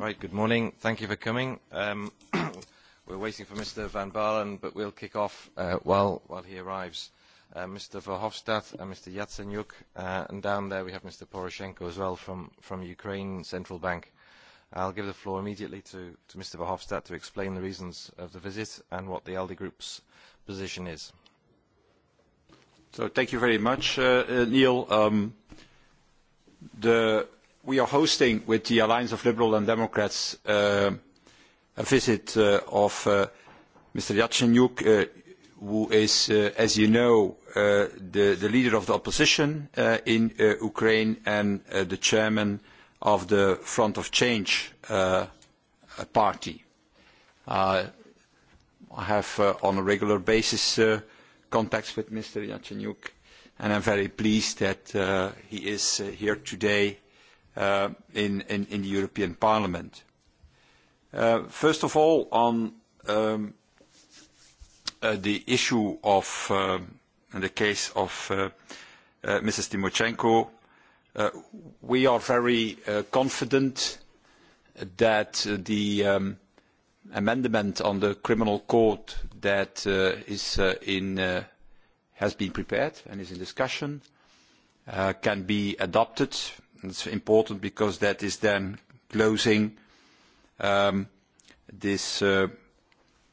Right, good morning. Thank you for coming. we're waiting for Mr. Van Baalen, but we'll kick off uh, while, while he arrives. Uh, Mr. Verhofstadt and Mr. Yatsenyuk, uh, and down there we have Mr. Poroshenko as well from, Ukraine Central Bank. I'll give the floor immediately to, to Mr. Verhofstadt to explain the reasons of the visit and what the ALDE Group's position is. thank you very much, Neil. the we are hosting with the Alliance of Liberals and Democrats a visit of Mr. Yatsenyuk, who is, as you know, the, leader of the opposition in Ukraine and the chairman of the Front of Change party. I have on a regular basis contacts with Mr. Yatsenyuk, and I am very pleased that he is here today in, the European Parliament. first of all, on the issue of, the case of Mrs. Tymoshenko, we are very confident that the amendment on the criminal code that has been prepared and is in discussion can be adopted is important because that is then closing this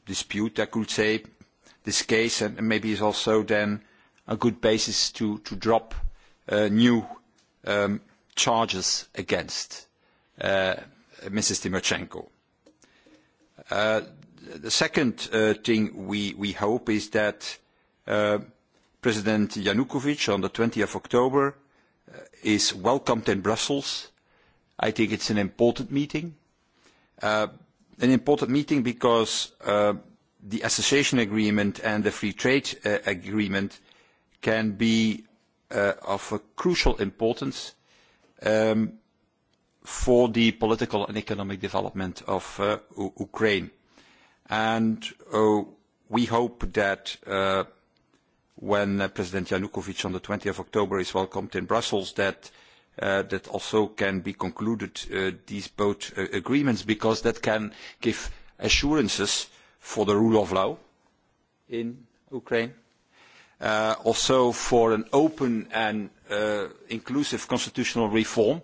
dispute, I could say, this case, and maybe is also then a good basis to drop new charges against Mrs. Tymoshenko. The second thing we hope is that President Yanukovych, on the 20th of October, is welcomed in Brussels. I think it's an important meeting. an important meeting because the association agreement and the free trade agreement can be of crucial importance for the political and economic development of Ukraine. And we hope that when President Yanukovych on the 20 of October is welcomed in Brussels that that also can be concluded these both agreements because that can give assurances for the rule of law in Ukraine, also for an open and inclusive constitutional reform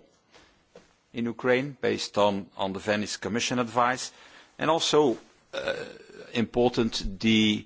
in Ukraine based on, the Venice Commission advice, and also important the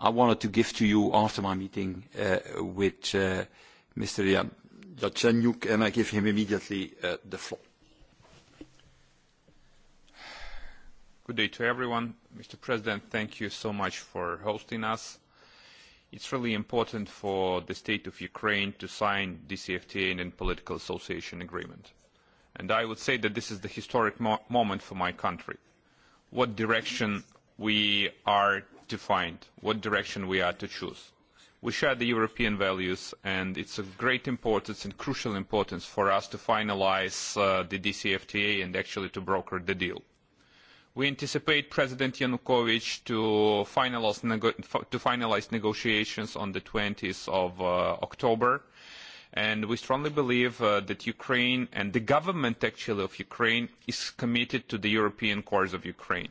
I wanted to give to you after my meeting with Mr. Yatsenyuk, and I give him immediately the floor. Good day to everyone. Mr. President, thank you so much for hosting us. It's really important for the state of Ukraine to sign DCFTA and political association agreement. And I would say that this is the historic mo moment for my country. What direction we are defined what direction we are to choose. We share the European values, and it's of great importance and crucial importance for us to finalise the DCFTA and actually to broker the deal. We anticipate President Yanukovych to finalise negotiations on the 20 of October, and we strongly believe that Ukraine and the government actually of Ukraine is committed to the European cause of Ukraine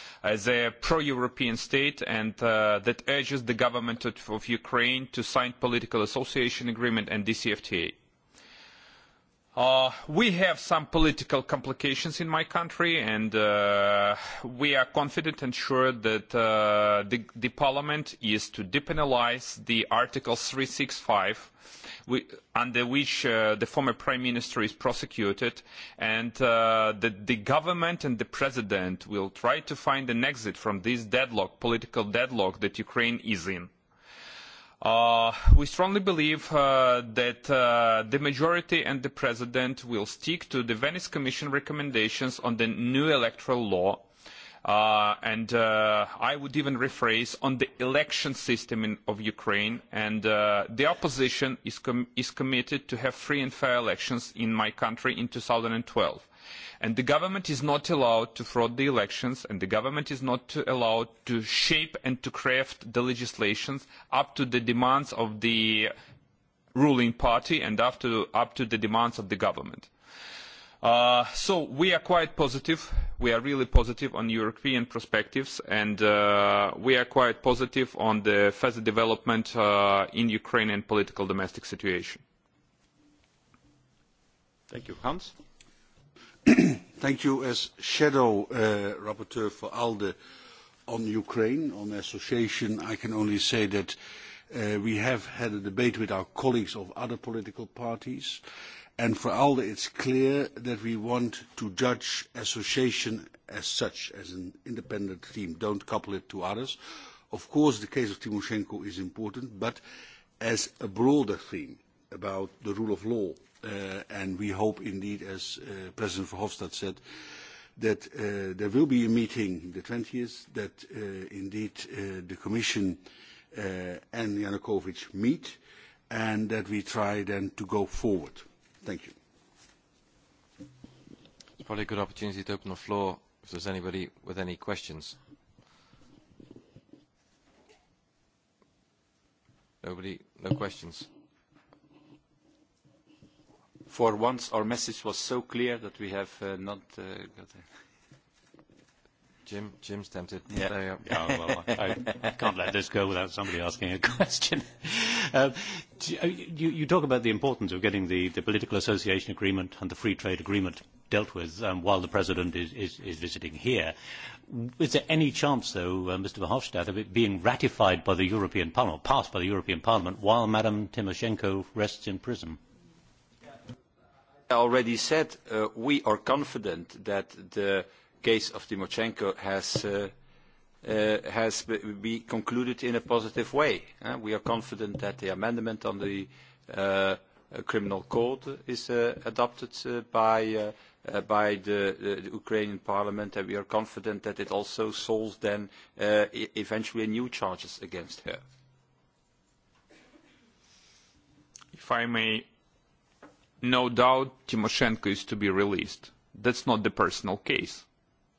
as a pro-European state and uh that urges the government of of Ukraine to sign political association agreement and DCFTA. we have some political complications in my country and we are confident and sure that the, the parliament is to depenalize the Article three hundred sixty five under which the former prime minister is prosecuted and that the government and the president will try to find an exit from this deadlock, political deadlock that Ukraine is in. we strongly believe that the majority and the president will stick to the Venice Commission recommendations on the new electoral law and I would even rephrase on the election system of Ukraine. And the opposition is, committed to have free and fair elections in my country in twelve. And the government is not allowed to fraud the elections, and the government is not allowed to shape and to craft the legislations up to the demands of the ruling party and up to the demands of the government so we are quite positive. We are really positive on European perspectives, and we are quite positive on the further development in Ukrainian political domestic situation. Thank you. Hans? Thank you. As shadow rapporteur for ALDE on Ukraine, on association, I can only say that we have had a debate with our colleagues of other political parties, and for ALDE it's clear that we want to judge association as such, as an independent team. Don't couple it to others. Of course, the case of Timoshenko is important, but as a broader theme about the rule of law, and we hope indeed, as President Verhofstadt said, that there will be a meeting the 20th, that indeed the Commission and Yanukovych meet and that we try then to go forward. Thank you. It's probably a good opportunity to open the floor if there's anybody with any questions. Nobody? No questions? For once, our message was so clear that we have uh, not uh, got... Jim, Jim's tempted. Yeah. There you go. Oh, well, I, I can't let this go without somebody asking a question. Uh, you, you talk about the importance of getting the, the political association agreement and the free trade agreement dealt with um, while the president is, is, is visiting here. Is there any chance, though, uh, Mr. Verhofstadt, of it being ratified by the European Parliament, passed by the European Parliament, while Madam Tymoshenko rests in prison? I already said uh, we are confident that the case of Tymoshenko has, uh, uh, has be concluded in a positive way. Uh, we are confident that the amendment on the uh, criminal code is uh, adopted uh, by uh, by the Ukrainian parliament, and we are confident that it also solves then eventually new charges against her. If I may, no doubt Tymoshenko is to be released. That's not the personal case.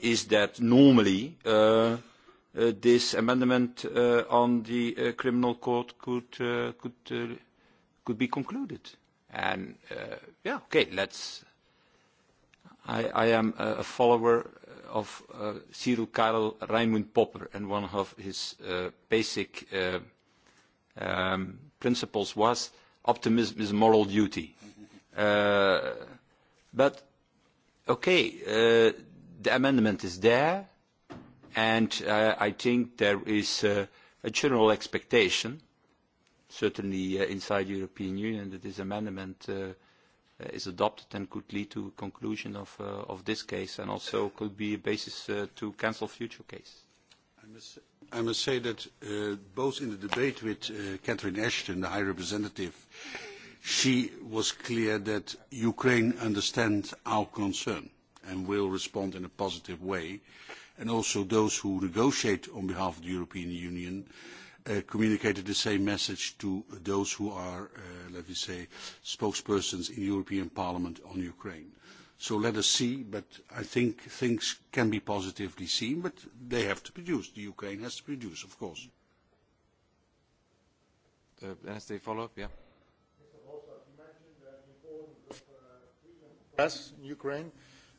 is that normally this amendment on the criminal court could be concluded. And uh yeah, okay, let's. I, I am a follower of uh, Cyril Karel Raimund Popper, and one of his uh, basic uh, um, principles was optimism is moral duty. Uh, but okay, uh, the amendment is there, and I think there is a general expectation, certainly inside the European Union, that this amendment is adopted and could lead to a conclusion of this case and also could be a basis to cancel future cases. I must say that both in the debate with Catherine Ashton, the High Representative, she was clear that Ukraine understands our concern and will respond in a positive way. And also those who negotiate on behalf of the European Union communicated the same message to those who are, let me say, spokespersons in the European Parliament on Ukraine. So let us see, but I think things can be positively seen, but they have to produce. The Ukraine has to produce, of course. follow-up, yeah. Mr. you mentioned the importance of freedom of press in Ukraine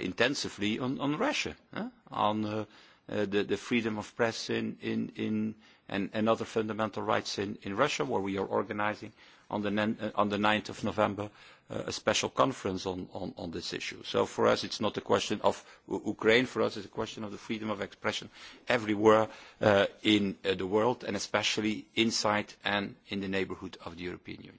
intensively on, on Russia, on the, freedom of press in, in, in, and, and other fundamental rights in, in Russia, where we are organising on the, on the 9th of November a special conference on, on, on this issue. So for us, it's not a question of Ukraine. For us, it's a question of the freedom of expression everywhere in the world, and especially inside and in the neighbourhood of the European Union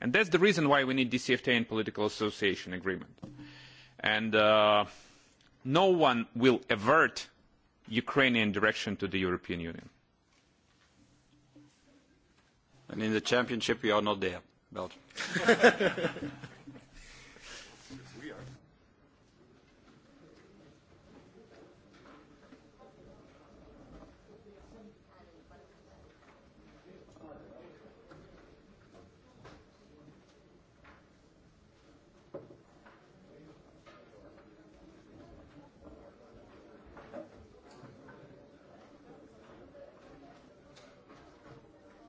And that's the reason why we need DCFTA and political association agreement. And uh, no one will avert Ukrainian direction to the European Union. And in the championship, we are not there, Belgium.